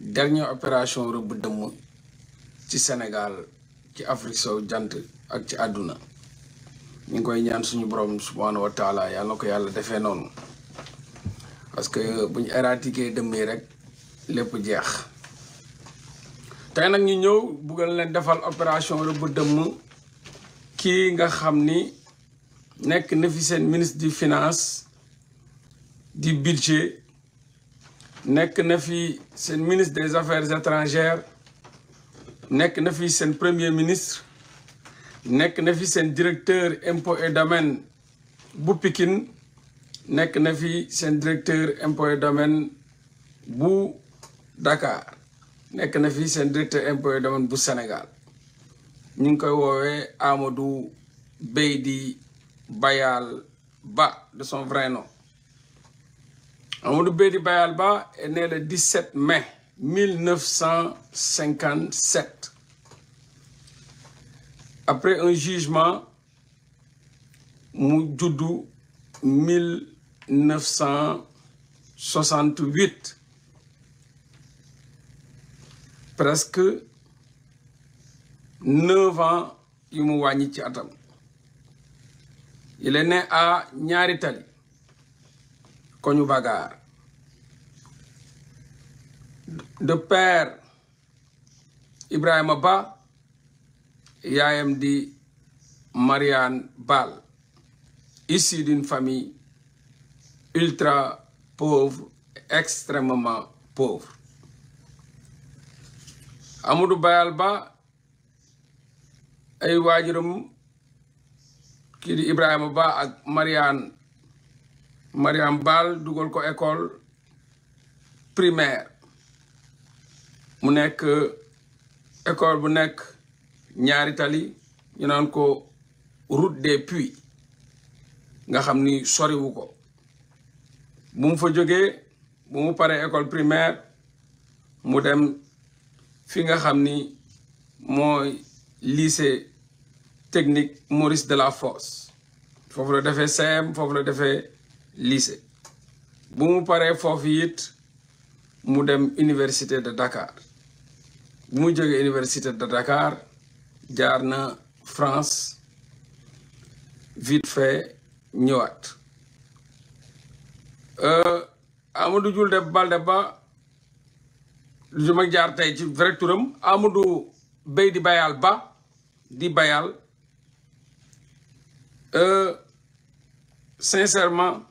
dernière opération rëbb dëmm ci Sénégal ci Afrique sow jant ak ci àdduna ñu ngi koy ñaan suñu borom subhaanahu wa taala yàlla ko yàlla defee noonu parce que bu ñu éradiquer dëmm yi rek lépp jeex tey nag ñu ñëw buggal leen defal opération rëbb dëmm kii nga xam ni nekk na fi seen ministre du finance di budget Nek na fi ministre des affaires étrangères Nek na fi premier ministre Nek na fi directeur impôts et domaines bu Pikine na fi directeur impôts et domaines bu Dakar Nek na fi directeur impôts et domaines Bou Sénégal Nous Amadou Beydi Bayal Ba de son vrai nom Amadou Bédi Bayalba est né le 17 mai 1957. Après un jugement, 1968. Presque 9 ans, il Il est né à Nyaritali, Bagar. de père Ibrahim Ba yaayam di Marianne Bal, issue d'une famille ultra pauvre extrêmement pauvre Amadou Bayal Ba ay waajuram kii di Ibrahima Ba ak Marianne Marianne Ball dugal ko école primaire mu nekk école bu nekk ñaari ñu naan ko route des puits nga xam ni soriwu ko bu mu fa jógee bu mu paree école primaire mu dem fi nga xam ni mooy lycée technique Maurice Delafosse foofu la defee CEM foofu la defee lycée bu mu paree foofu it mu dem université de Dakar bi université de Dakar jaar France vite fait Euh, Amadou Jules de je me lu ma jaar tey ci vrai Amadou Bey di Bayal Ba di Bayal euh, sincèrement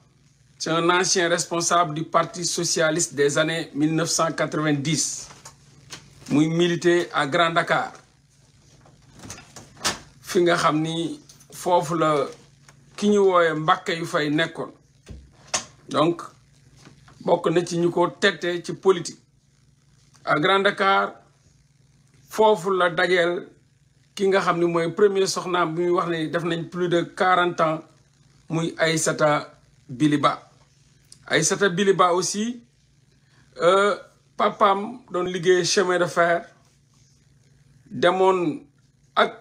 c'est un ancien responsable du Parti socialiste des années 1990 muy militer à Grand Dakar fi nga xam ni foofu la ki ñu wooye Mbàkke yu fay nekkoon donc bokk na ci ñu ko tette ci politique à Grand Dakar foofu la dajeel ki nga xam ni mooy premier soxnaam bi muy wax ne def nañ plus de quarante ans muy Aïssata Biliba Aïssata Biliba aussi. Euh, papaam doon liggéey chemin de fer demoon ak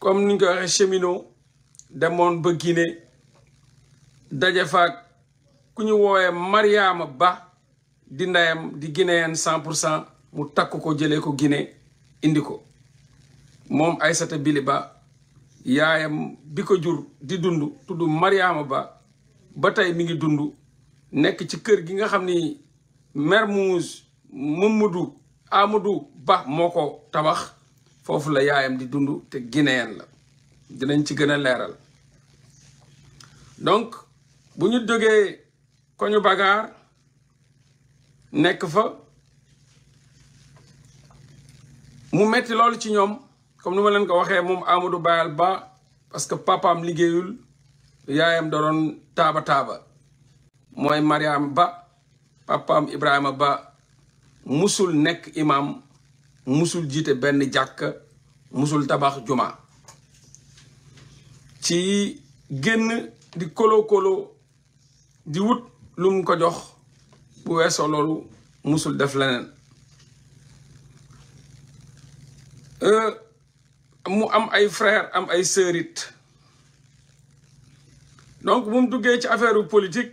comme ni ñu ko waxee cheminot demoon ba Guinée daje fa ku ñu woowee Mariama Ba di ndeyam di guinéen cent pour cent mu takk ko jëlee ko Guinée indi ko moom ay Aïssata Bili Ba yaayam bi ko jur di dund tudd Mariama Ba ba tey mi ngi dund nekk ci kër gi nga xam ni Mermoz Mamadou Amadou Ba moo ko tabax foofu la yaayam di dund te guinéen la dinañ ci gën a leeral donc bu ñu jógee ko ñu bagaar nekk fa mu metti loolu ci ñoom comme ni ma leen ko waxee moom Amadou Bayal Ba parce que papaam liggéeyul yaayam da doon taaba taaba mooy Mariam Ba papaam Ibrahima Ba musul nekk imam musul jiite benn jàkk musul tabax juma ci génn di kolo kolo di wut lu ko jox bu weesoo loolu musul def leneen euh, mu am ay frère am ay sœur it donc mu duggee ci affaire politique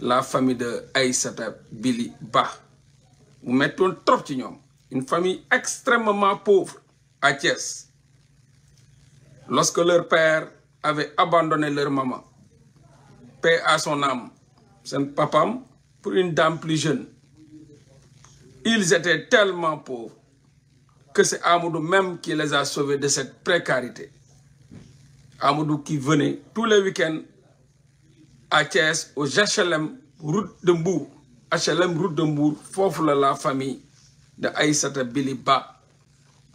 la famille de Aïssata Bili Ba vous trop ci une famille extrêmement pauvre à Thiès lorsque leur père avait abandonné leur maman paix à son âme son papa, pour une dame plus jeune ils étaient tellement pauvres que c'est Amoudou même qui les a sauvés de cette précarité Amoudou qui venait tous les week-ends à Thiès aux HLM route de Mbour HLM foofu la la famille de Aïssata Bili Ba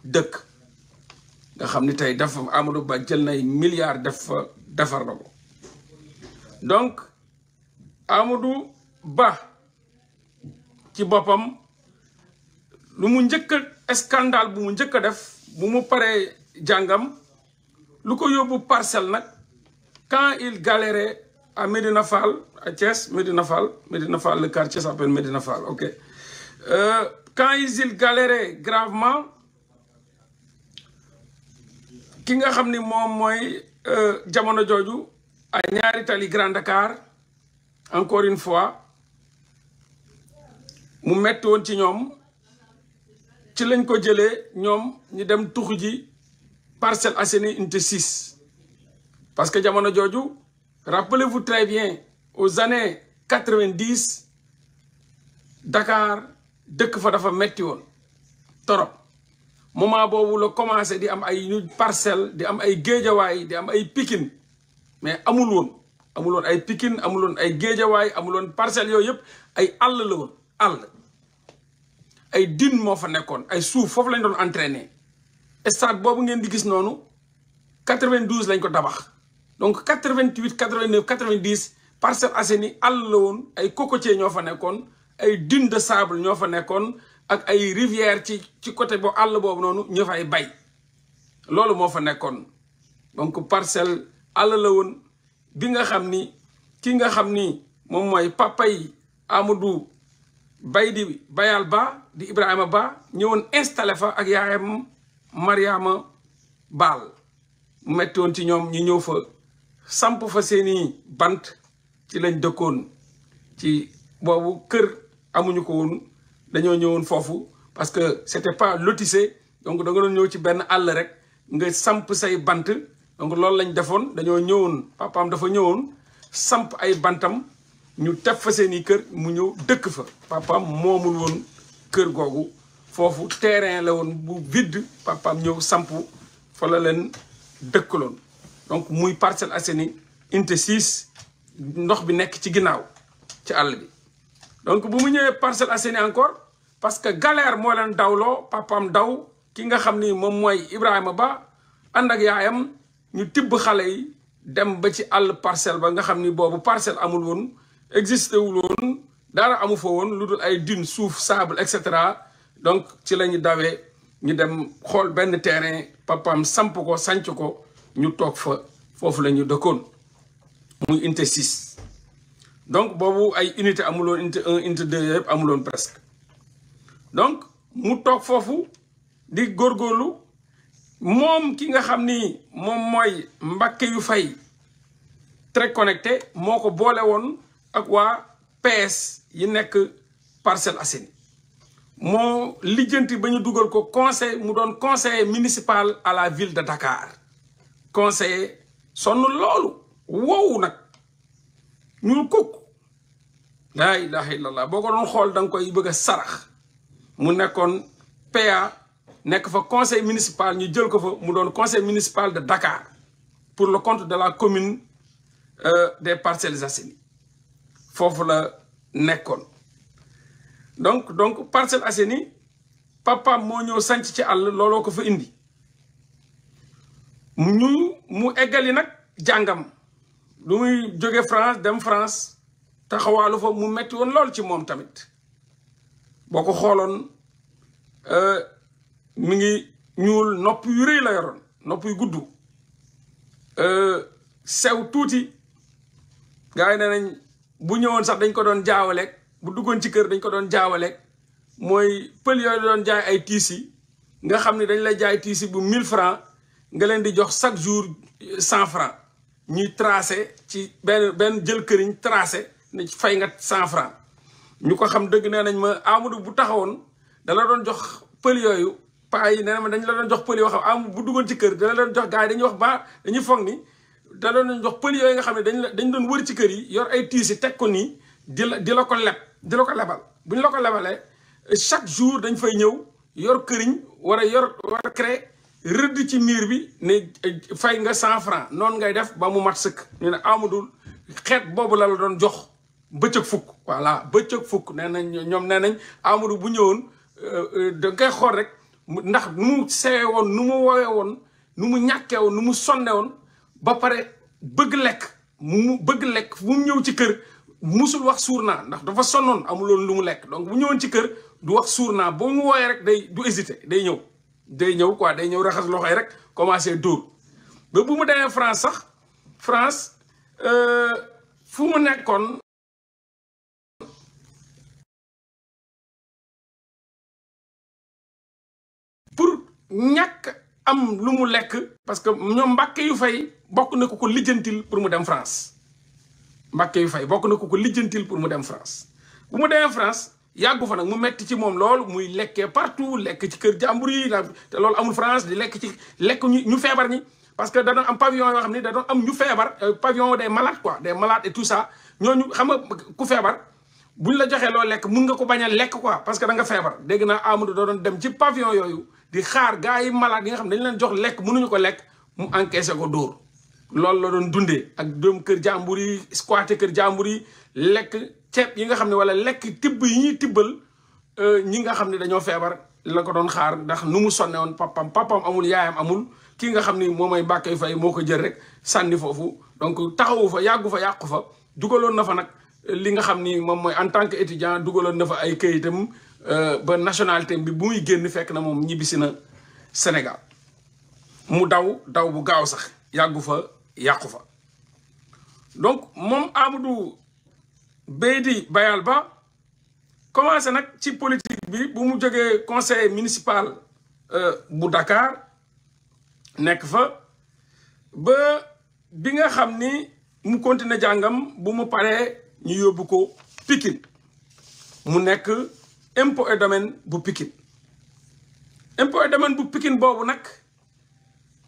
dëkk nga xam ni tey dafa Amadou Ba jël nay milliards def fa defar na ko donc Amadou Ba ci boppam lu mu njëkk a scandale bu mu njëkk a def bu mu paree jàngam lu ko yóbbu parcelle nag quand il galérait à Medina à Thiès, Medina le quartier s'appelle Medina ok. Euh, quand ils galéraient gravement, ki nga xamni mom moy, euh jamono joju à tali Grand Dakar encore une fois mu metti ci ñom ci ko dem parce que jamono Rappelez-vous très bien, aux années 90, Dakar, dëkk dafa torop moment boobu à commencé di am ay parcelle di am ay di mais amul woon amul a ay pikin amul ay géejawaay amul a parcelles ay la ay din mo fa ay souf lañ doon entraîner stade bobu ngeen di 92 lañ ko tabax donc 88 89 90 Parcelles Assainies allons et woon ay cocotier ñoo fa dunes de sable ñoo fa ak ay rivière ci ci côté bo àll boobu noonu ñu fay bay loolu fa donc parcelle allons, la hamni, bi nga xam ni ki nga papa yi Amadou Bay di di Ibrahima Ba installé fa ak yaayam Mariama Bal, mu metti woon ci samp fa seeni bant ci lañ dëkkoon ci boobu kër amuñu ko woon dañoo ñëwoon foofu parce que c'était pas lotissé donc da doon ñëw ci benn àll rek nga samp say bant donc loolu lañ defoon dañoo ñëwoon papaam dafa ñëwoon samp ay bantam ñu teg fa seeni kër mu ñëw dëkk fa papaam moomul woon kër googu foofu terrain la woon bu vide papaam ñëw samp fa la leen dëkkaloon donc muy parcelle Assainies unité 6 ndox bi nekk ci ginnaaw ci àll bi donc bu mu ñëwee Parcelles Assainies encore parce que galère moo leen dawloo papam daw ki nga xam ni moom mooy Ibrahima Ba ànd ak yaayam ñu tibb xale yi dem ba ci àll parcelle ba nga xam ni boobu parcelle amul woon existé wul woon dara amu fa woon lu dul ay dune suuf sable et cetera donc ci la ñu dawee ñu dem xool benn terrain papam samp ko sanc ko Nous avons fa foofu de Nous Nous muy 6 donc il ay unité unité 1 unité 2 presque donc mu Nous di Mom ki nga xamni mom moy yu fay très connecté moko bolé won ak PS yi nek Parcelles mo bañu duggal ko conseil mu municipal à la ville de Dakar Conseil sonu loolu wow nak ñu ko laa ilaha illallah boko ko doon xool da koy bëgg sarax mu nekkoon PA nekk fa conseil municipal ñu jël ko fa mu doon conseil municipal de Dakar pour le compte de la commune euh, des Parcelles Assainies fofu la nekkoon donc donc Parcelles Assainies papa mo ñëw sant ci àll looloo ko fa indi mu ñu mu eggali nag jàngam lu muy jóge France dem France taxawaalu fa mu metti woon lool ci moom tamit boo ko xooloon euh, mi ngi ñuul nopp yu rëy la nopp yu gudd euh, sew tuuti gars yi ne nañ bu ñëwoon sax dañ ko doon jaawaleeg bu duggoon ci kër dañ ko doon jaawaleeg mooy pël yooyu doon ay tiis yi nga xam ne dañ lay jaay tiis bu mille francs nga leen di jox chaque jour cent franc ñuy tracé ci benn benn jël këriñ tracé ne fay nga cent franc ñu ko xam dëgg nee nañ ma Amadou bu taxawoon da doon jox pël yooyu paa yi na ma dañ la doon jox pël yoo xam Amadou bu duggoon ci kër da la jox gars yi dañuy wax ba dañuy foog ni da la doon jox pël yooyu nga xam ne dañ la dañ doon wër ci kër yi yor ay tiisi teg ko nii di la di la ko leb di la ko lebal bu ñu la ko lebalee chaque jour dañ fay ñëw yor këriñ war a yor war a créer rëdd ci miir bi ne eh, fay nga cent franc noonu ngay def ba mu mat sëkk ñu ne Amadou xeet boobu la doon jox bëccëg fukk voilà bëccëg fukk nee nañ ñoom nee nañ Amadou bu ñëwoon euh, euh, da ngay xool rek ndax mu sewe woon nu mu wowe woon nu mu ñàkkee nu mu sonne woon ba pare bëgg lekk mu bëgg lekk mu ñëw ci kër musul wax suur naa ndax dafa sonnoon amuloon lu mu lekk donc bu ñëwoon ci kër du wax suur naa boo mu wooyee rek day du hésité day ñëw day ñëw kowaa day ñëw raxas loxo yi rek commencé dóor bu mu demee France sax France euh, fu mu nekkoon pour ñàkk am lu mu lekk parce que ñoom Mbàkke yu fay bokk na ko ko lijjantil pour mu dem France Mbàkke yu fay bokk na ko ko lijjantil pour mu dem France bu mu demee France yàggu fa nag mu metti ci mom lool muy lekke partout lek ci kër jàmbur te loolu amul France di lek ci lek ñu ñu ni parce que da do am pavillon yo xamni da do am ñu feebar euh, pavillon des malades quoi des malades et tout ça ñooñu xam nga ku feebar buñ la joxee loo lek mun nga ko bañ lek quoi parce que da nga feebar dégg na Amadou do doon dem ci pavillon yoyu di xaar gaay yi malade nga xam dañ leen jox lek lekk ñu ko lek mu encaisser ko dóor. loolu la doon dundé ak doom kër jàmbur squatter kër jàmbur lekk ceeb yi nga xam ne wala lekk tibb yi ñuy tibbal euh, ñi nga xam ne dañoo feebar la ko doon xaar ndax nu mu sonnee woon papam papam amul yaayam amul kii nga xam ni moo may bàkkee fay moo ko jël rek sànni foofu donc taxawu fa yàggu fa yàqu fa dugaloon na fa nag li nga xam ni moom mooy en tant que étudiant dugaloon na fa ay këyitam euh, ba nationalité bi bu muy génn fekk na moom ñibbisi na Sénégal mu daw daw bu gaaw sax yàggu fa yàqu fa donc moom Amadou Bédi Bayalba commence commencé nag ci politique bi bu mu conseil municipal euh, bu Dakar nekk fa ba bi nga xam ni mu continuer jàngam bu mu paree ñu yóbbu ko Pikine mu impôt et domaine bu Pikin. impôt et domaine bu Pikin bobu nak.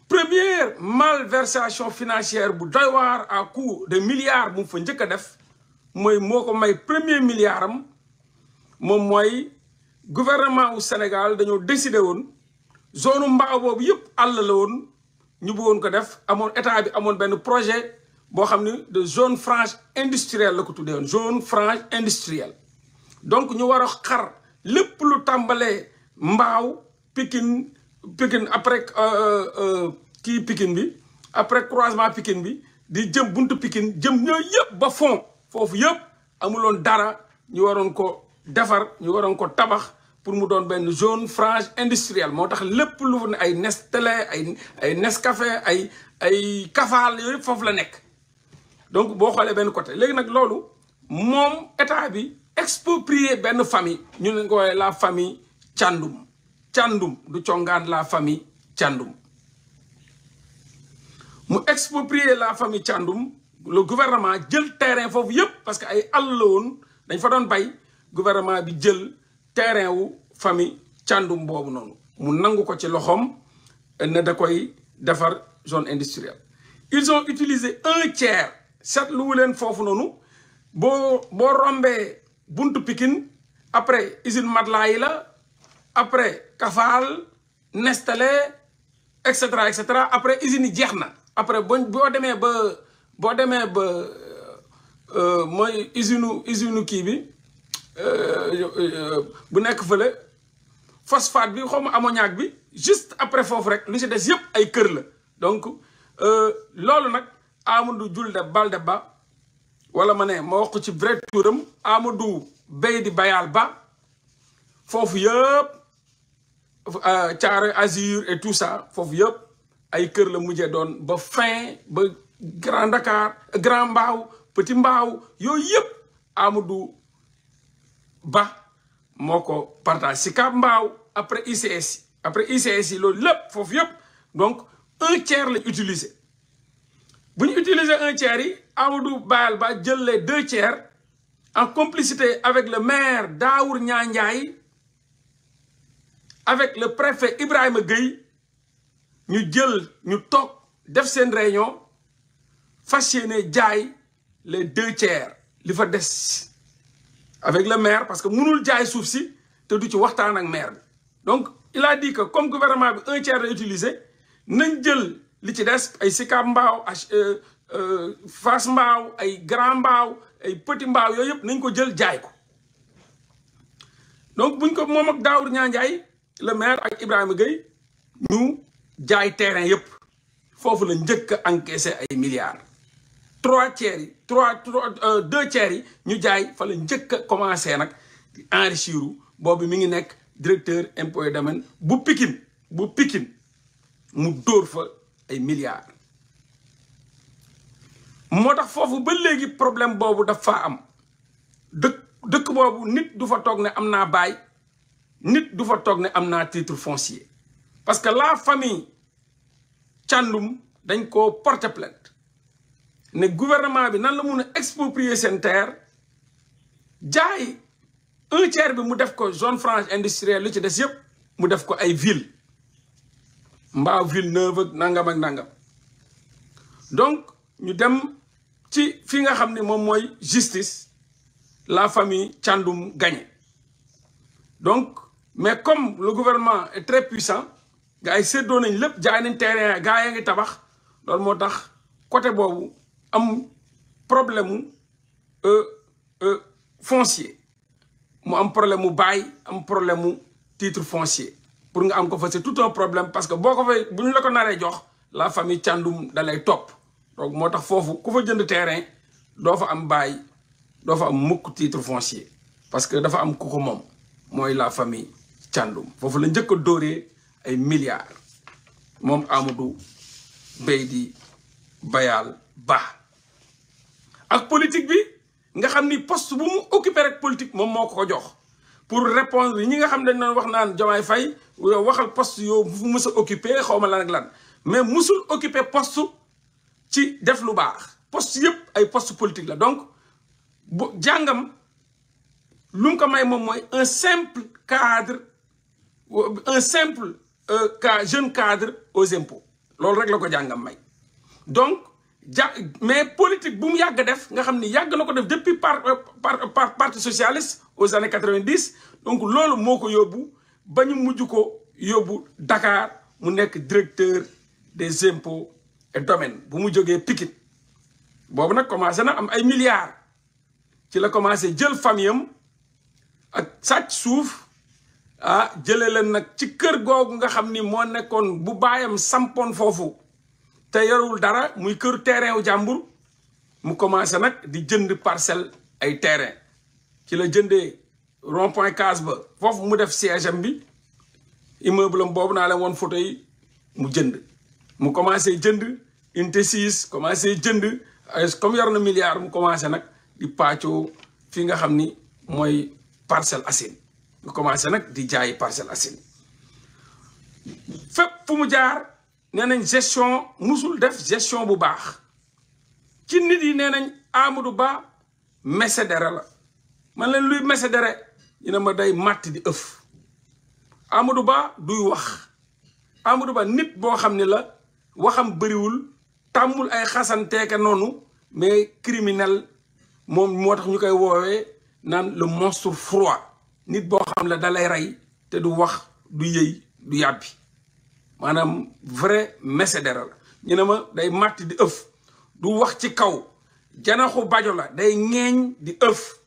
première malversation financière bu à coût de milliards bu fa moy premier milliard mom gouvernement du Sénégal a décidé de zone mbaaw projet de zone franche industrielle la ko zone franche industrielle donc ñu avons xar lepp lu tambalé mbaaw Pikine Pikine après euh, euh, Pikine bi après croisement Pikine bi di jëm buntu Pikine jëm fofu yëpp amuloon dara ñu waroon ko défar ñu waroon ko tabax pour mu doon ben zone franche industrielle motax lepp lu ay Nestlé ay ay Nescafé ay ay kafal yooyu fofu la nek donc bo xolé ben côté légui nak lolu mom état bi exproprier ben famille ñu ne ko la famille Thiandoum Thiandoum du congaan la famille Thiandoum mu exproprier la famille Thiandoum le gouvernement jël terrain fofu yépp parce que ay àll dañ fa doon bay gouvernement bi jël terrain wu famille càndum boobu noonu mu nangu ko ci loxom ne da koy défar zone industrielle ils ont utilisé un tiers seetluwu leen foofu noonu bo boo rombee buntu Pikine après usine Madelaay yi la après kafal Nestlé etc cetera et cetera après usine yi jeex na après boo demee ba bo ba euh, euh, moy usine usine bi euh, bu nek phosphate bi xom ammoniac bi juste après fofu rek lu ci des yépp ay kër la donc lolu nak Amadou Balde Ba wala mané mo wax ci vrai touram Amadou bey di Bayal Ba Azur et tout ça fofu yépp ay kër la don ba fin Grand Dakar Grand mbaou Petit mbaou yo yep, Amadou Ba moko partage si Cap après ICS après ICS le loolu fof donc un tiers l'utilise. utiliser bu un tiers Amoudou Amadou Bayal Ba les deux tiers en complicité avec le maire Daour Nyanyaï, avec le préfet Ibrahim Gueye nous jël ñu tok def réunion fas yéene jaay les deux tiers li fa des avec le maire parce que mënul jaay suuf si te du ci waxtaan ak maire bi donc il a que comme gouvernement bi un tiers la utiliser nañ jël li ci des ay Sicap Mbao euh, euh, Fass Mbao ay Grand Mbao ay Petit Mbao yooyu yëpp nañ ko jël jaay ko donc buñ ko moom ak ñaa Ndiaye le maire ak Ibrahima Gueye ñu jaay terrain yëpp foofu la njëkk a encaissé ay milliards trois tiers yi trois trois euh, deux tiers yi ñu jaay fa la njëkk a commencé nag di enrichir boobu mi ngi nekk directeur impôt et domaine bu Pikine bu Pikine mu dóor fa ay milliards. moo tax foofu ba léegi problème boobu daf faa am dëkk dëkk boobu nit du fa toog ne am naa baay nit du fa toog ne am naa titre foncier parce que la famille Thiandoum dañ ko porter plainte Le gouvernement bi nan la mun a exproprier sen terre jaay un tiers bi mu def ko zone franche industrielle lu ci dess yëpp mu def ko ay ville mbaa ville neuve ak nangam ak nangam donc ñu dem ci fi nga xam mom moy justice la famille Thiandoum gagne donc mais comme le gouvernement est très puissant gaay yi nañ lepp jaay nañ terrain gaay nga tabax lool motax côté bobu un problème euh, euh foncier moi un problème de bail un problème de titre foncier pour nous am ko c'est tout un problème parce que si nous fay bu la jox la famille càndum da top donc moi tax foofu ku fa jënd terrain vous fa am bail vous fa am titre foncier parce que dafa am un ko Moi, la famille càndum vous la njëkk a doré ay milliards moom Amadou Bey Bayal Ba ak politique bi nga xamni poste bu mu occupé rek politique mom moko ko jox pour répondre ñi nga xam ne dañ doon wax naan Diomaye fay euh, waxal poste yow fu mës a occupé xaw lan ak lan mais musul occupé poste ci def lu bax poste yep ay poste politique la donc jangam lu ko may mom moy un simple cadre euh, un simple euh, jeune cadre aux impôts loolu rek la ko jàngam may donc ja mais politique bu mu yàgg def nga xam ni yàgg na ko def depuis par euh, euh, par parti socialiste aux années quatre-vingt-dix donc loolu moo ko yóbbu ba ñu mujj ko yóbbu Dakar mu nekk directeur des impôts et domaines bu mu jógee Pikine boobu nag commencé na am ay milliards ci la commencé jël famiyam ak sàcc suuf ah jëlee leen nag ci kër googu nga xam ni moo nekkoon bu baayam sampoon foofu. te yorul dara muy keur terrain wu jambour mu commencé nak di jënd parcelle ay terrain ci la jëndé rond point case ba fofu mu def siège am bi immeuble am bobu na la won photo yi mu jënd mu commencé jënd unité 6 commencé jënd comme yor na milliard mu commencé nak di patcho fi nga xamni moy mooy Parcelles mu commencé nak di jaay Parcelles Assainies fep fu mu jaar nee nañ gestion musul def gestion bu baax ci nit yi nee nañ Amadou Ba mesedere la man leen luy mesedere ñu ne ma day màtt di ëf Amadou Ba duy wax Amadou Ba nit boo xam ne la waxam bëriwul tàmmul ay xasanteeke noonu mais criminel moom moo tax ñu koy woowee naan le monstre froid nit boo xam ne la da rey te du wax du yëy du yàbbi manam vrai mécédéra la ñu ne ma day matti di euf du wax ci kaw janaxu bajo la day ngeñ di euf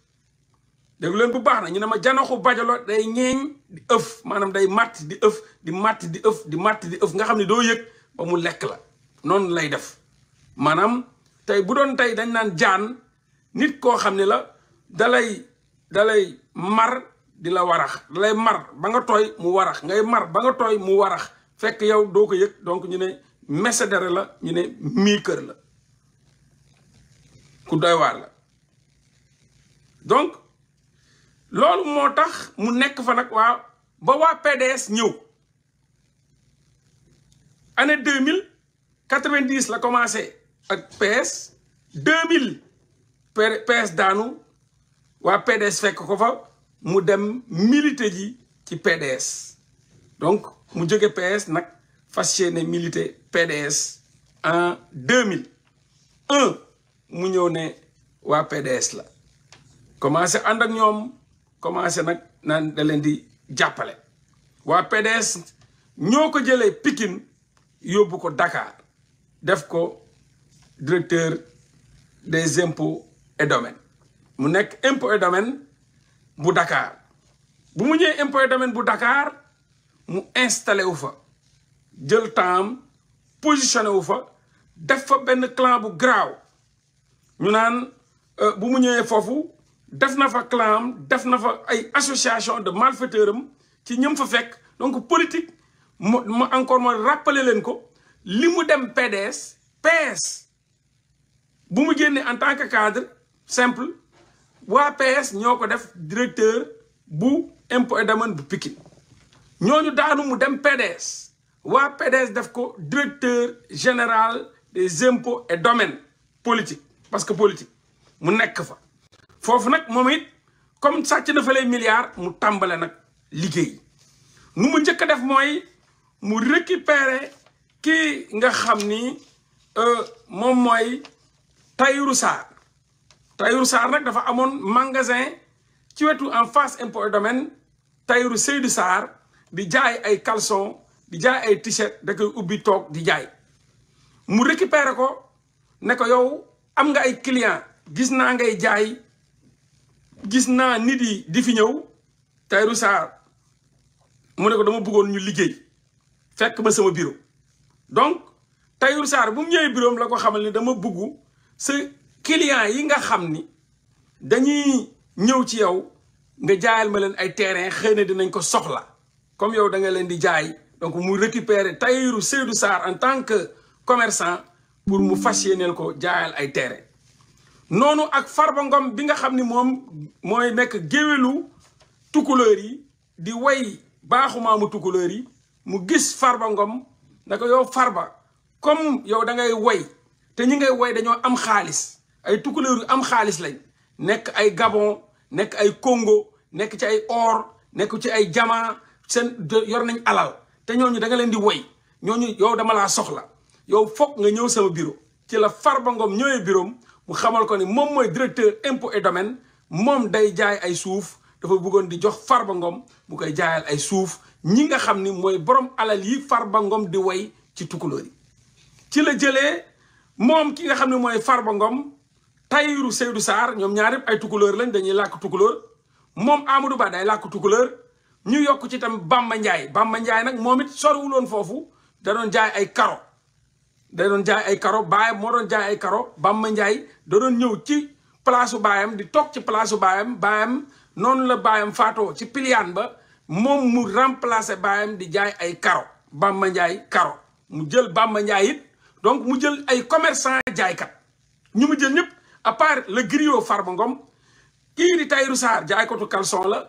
deug leen bu baax na ñu ne ma janaxu bajo la day ngeñ di euf manam day matti di euf di matti di euf di matti di euf nga xamni doyek yek ba mu lek la non lay def manam tay bu doon tay dañ nan jaan nit ko xamni la dalay dalay mar di la warax dalay mar ba nga toy mu warax ngay mar ba nga toy mu warax fekk yow do ko yek donc ñu ne mesedere la ñu ne mi keur la ku doy war la donc lolu motax mu nekk fa nak wa ba wa PDS ñew ane 2090 la commencé ak PS 2000, PS danu wa PDS fekk ko fa mu dem militer ji ci PDS donc mu jóge PS nag fas yéene militer PDS en 2001 mu ñëw ne waa PDS la commencé ànd ak ñoom commencé nag naan da leen di jàppale waa PDS ñoo ko jëlee Pikine yóbbu ko Dakar def ko directeur des impôts et domaines mu nekk impôts et domaines bu Dakar bu mu ñëwee impôts et domaines bu Dakar mu installé ou fa djel temps positionné ou fa def fa ben clan bu graw ñu naan euh, bu mu ñëwé fofu def na fa clan def na fa ay association de malfaiteurs ci ñëm fa fek donc politique mo ma encore ma rappeler len ko limu dem PDS PS bu mu génné en tant que cadre simple wa PS ñoko def directeur bu impo et bu Pikine ñooñu daanu mu dem PDS waa PDS def ko directeur général des impôts et domaines politique parce que politique mu nekk fa foofu nag moom it comme sàcc na fa les milliards mu tàmbale nag liggéey nu mu njëkk a def mooy mu récupérer ki nga xam ni euh, moom mooy Tahirou Sarr Tahirou Sarr nag dafa amoon magasin ci wetu en face impôt et domaine Tahirou Seydou Sarr di jaay ay caleçon di jaay ay t-shirt da koy ubbi toog di jaay mu récupérer ko ne ko yow am nga ay client gis naa ngay jaay gis naa nit yi di fi ñëw Tahirou Sarr mu ne ko dama buggoon ñu liggéey fekk ma sama bureau donc Tahirou Sarr bu mu ñëwee bureau la ko xamal ni dama bëgg sa client yi nga xam ni dañuy ñëw ci yow nga jaayal ma leen ay terrain xëy na dinañ ko soxla comme yow dangay leen di jaay donc mu récupérer Tahirou Seydou Sarr en tant que commerçant pour mu fas yéeneel ko jaayal ay terrain noonu ak Farba Ngom bi nga xam ni moom mooy nekk géwélu tukkuleur yi di woy baaxumaamu tukkuleur yi mu gis Farba Ngom na ko yow Farba comme yow dangay woy te ñi ngay woy dañoo am xaalis ay tukkuleur yu am xaalis lañ nekk ay Gabon nekk ay Congo nekk ci ay or nekk ci ay Jama seen yor nañ alal te ñooñu da nga leen di woy ñooñu yow dama laa soxla yow foog nga ñëw sama biro ci la far ba Ngom ñëwee bureau mu xamal ko ni moom mooy directeur impo et domaine moom day jaay ay suuf dafa bëggoon di jox Farba Ngom mu koy jaayal ay suuf ñi nga xam ni mooy borom alal yi ba Ngom di woy ci tukulóor yi ci la jëlee moom ki nga xam ne mooy far ba Ngom Tayiru Seydou saar ñoom ñaar ay tukulóor lañ dañuy làkk tukulóor moom Amadou Ba day làkk tukulóor ñu yokk ci tamit Bamba Ndiaye Bamba Ndiaye nag moom it soriwuloon foofu da doon jaay ay karo da doon jaay ay karo moo doon jaay ay karo Bamba Ndiaye da ñëw ci palaasu baayam di toog ci palaasu baayam baayam noonu la baayam faatoo ci piliyaan ba moom mu remplacer baayam di jaay ay karo Bamba karo mu jël Bamba Ndiaye it donc mu jël ay commerçant jaaykat ñu mu jël ñëpp a part le griot Farba Ngom kii di Tahirou Sarr jaaykatu caleçon la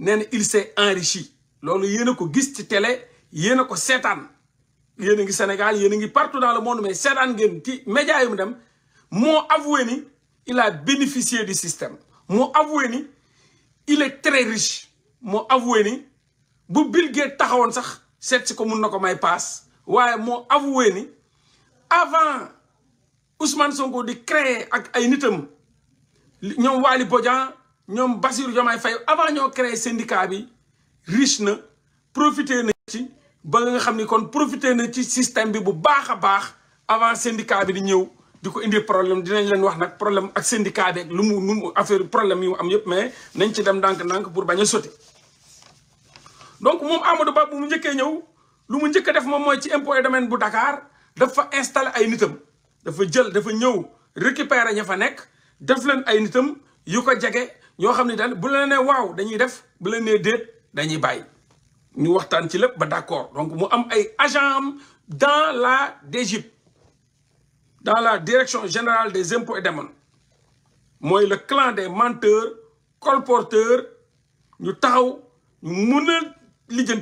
nee il s'est enrichi loolu yéen ko gis ci télé yéen ko sétane yéen ngi Sénégal yéen ngi partout dans le monde mais sétane ngeen ci média yu dem mo avoué ni il a bénéficié du système mo avoué ni il est très riche mo avoué ni bu Bill Gates taxawoon sax seet si ko mën nako may passe waye mo avoué ni avant Ousmane Sonko di créer ak ay nitam ñom Waly Bodian ñoom Bassirou Diomaye Faye avant ñoo créé syndicat bi riche na profité na ci ba nga xam ni kon profité na ci système bi bu baax a baax avant syndicat bi di ñëw di ko indi problème dinañ leen wax nag problème ak syndicat bi lu mu lu mu affaire problème yi mu am yépp mais nañ ci dem ndànk-ndànk pour bañ a sotti donc moom Amadou Ba bu mu njëkkee ñëw lu mu njëkk def moom mooy ci impôt et bu dakaar dafa installé ay nitam dafa jël dafa ñëw récupérer ña fa nekk def leen ay nitam yu ko jege. ñoo xamni que bu la né dañuy def bu dañuy ñu waxtaan ci d'accord donc mu am ay agent dans la d'égypte dans la direction générale des impôts et des moy le clan des menteurs colporteurs ñu taxaw nous avons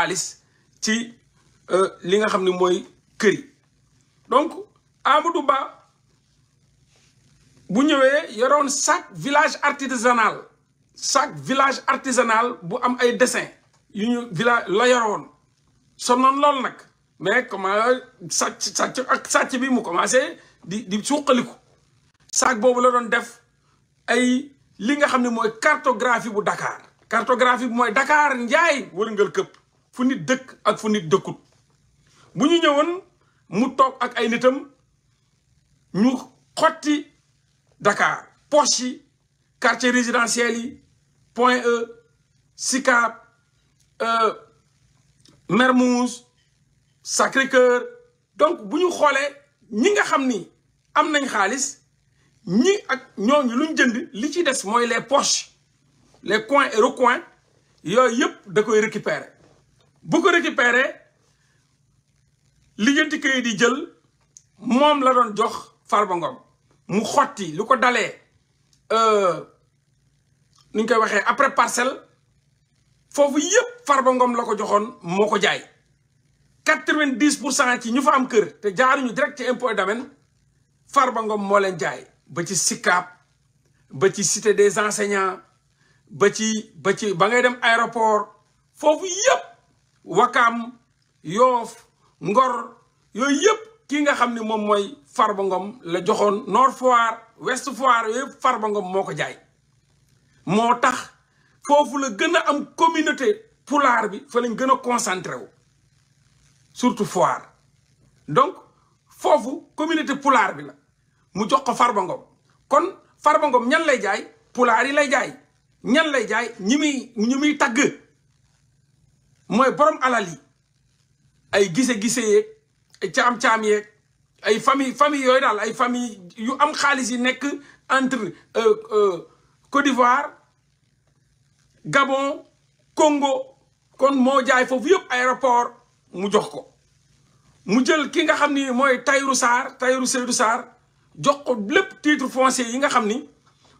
a qui euh, li nga donc Amadou Ba bu ñëwee yoroon chaque village artisanal chaque village artisanal bu am ay dessin yu ñu village la yoroon sonnoon lool nag mais comment sàcc sàcc ak sàcc bi mu commencé di di suqaliku sac boobu la doon def ay li nga xam ne mooy cartographie bu Dakar cartographie bi mooy Dakar njaay wërngal këpp fu nit dëkk ak fu nit dëkkut bu ñu ñëwoon mu toog ak ay nitam ñu xotti Dakar poche yi quartier résidentiel yi Point E Sicap euh, Mermoz Sacré-Cœur donc bu ñu xoolee ñi nga xam ni am nañ xaalis ñi ak ñooñu luñ jënd li ci des mooy les poche les coins et recoins yooyu yëpp da koy récupérer bu ko li lijjanti kayit di jël moom la doon jox Farba Ngom mu xotti lu ko dalee euh, ni ñu koy waxee après parcelle foofu yëpp Farba ngoom la ko joxoon moo ko jaay quatre-vingt-dix pour cent ci ñu fa am kër te jaaruñu direct ci impôt domaine Farba ngoom moo leen jaay ba ci SICAP ba ci cité des enseignants ba ci ba ci ba ngay dem aéroport foofu yëpp Wakaam Yoof Ngor yooyu yëpp ki nga xam ne moom mooy Farba Ngom la joxoon Nord Foire Ouest Foire yëpp Farba Ngom moo ko jaay moo tax foofu la gën a am communauté pulaar bi fa lañ gën a concentré wu surtout Foire donc foofu communauté pulaar bi la mu jox ko Farba Ngom kon Farba Ngom ñan lay jaay pulaar yi lay jaay ñan lay jaay ñi muy ñi muy tagg mooy borom alal yi ay gise-gise yeeg caam-caam yeeg ay famille famille yooyu daal ay famille yu am xaalis yi nekk entre euh, euh, Côte d'Ivoire Gabon Congo kon moo jaay foofu yëpp aéroport mu jox ko mu jël ki nga xam ni mooy Tayrou Sarr Tayrou Seydou Sarr jox ko lépp titre foncier yi nga xam ni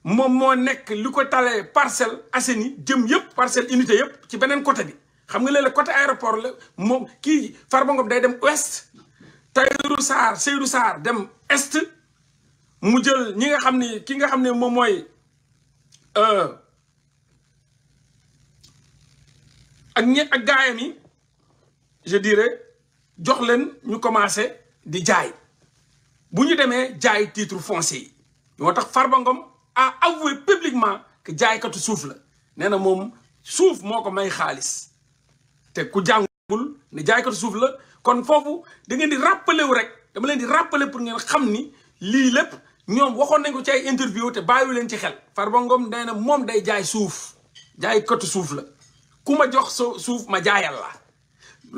moom moo nekk li ko talee Parcelles Assainies jëm yëpp Parcelles Unité yëpp ci beneen côté bi xam nga leen léeg côté aéroport la moom kii Farba day dem ouest Tayru Sarr Seydou Sarr dem est mu jël ñi nga xam ni ki nga xam ne moom mooy euh, ak ñi ak gaayam yi je dirais jox leen ñu commencé di jaay bu ñu demee jaay titre foncier yi ñoo tax Farba Ngom a avoué publiquement que jaaykatu suuf la nee na moom suuf moo ko may xaalis te ku jàngul ne jaaykatu suuf la kon foofu da ngeen di rappeler wu rek dama leen di rappeler pour ngeen xam ni lii lépp ñoom waxoon nañ ko ci ay interview te bàyyiwu leen ci xel Farba Ngom nee na moom day jaay suuf jaay katu suuf la ku ma jox so suuf ma jaayal la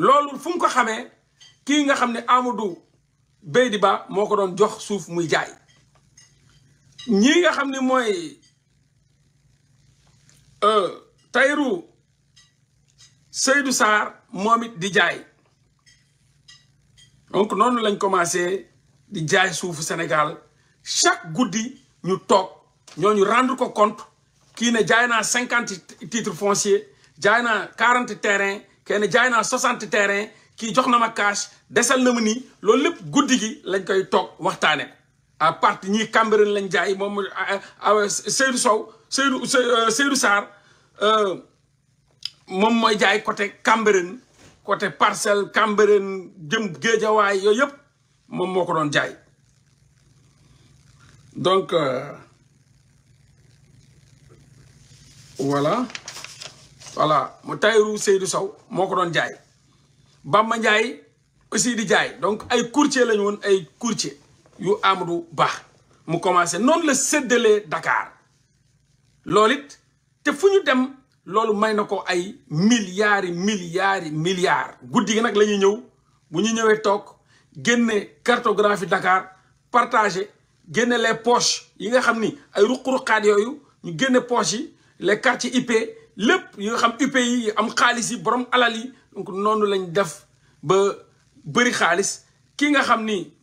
loolu fu ko xamee kii nga xam ne Amadou Beydi Ba moo ko doon jox suuf muy jaay ñii nga xam ne mooy euh, tayru Seydou Sarr moom it di jaay donc noonu lañ commencé di jaay suufu Sénégal chaque guddi ñu toog ñooñu rendre ko compte kii ne jaay naa cinquante titre foncier jaay naa quarante terrain kii jaay naa soixante terrain kii jox na ma cash desal na ma ni loolu lépp guddi gi lañ koy toog waxtaane à part ñii Cambérène lañ jaay moom ah, ah, ah, Seydou Sow Seydou Seydou euh, Sarr euh, moom mooy jaay côté Cambérène côté parcelle Cambérène jëm géejawaay yooyu yëpp moom moo ko doon jaay donc euh, voilà voilà mu Tayrou seydu saw moo ko doon jaay Bamba Ndiaye aussi di jaay donc ay courtier lañu woon ay courtier yu Amadou baax mu commencé noonu la séddalee Dakar loolu it te fu ñu dem loolu may na ko ay milliards milliards milliards guddi gi nag la ñuy ñëw bu ñu ñëwee toog génne cartographie Dakar partagé génne les poche yi nga xam ni ay ruq-ruqaat yooyu ñu génne poche yi les quartiers IP lépp yi nga xam IP yi am xaalis yi borom alal yi donc noonu lañ def ba bëri xaalis ki nga xam ni.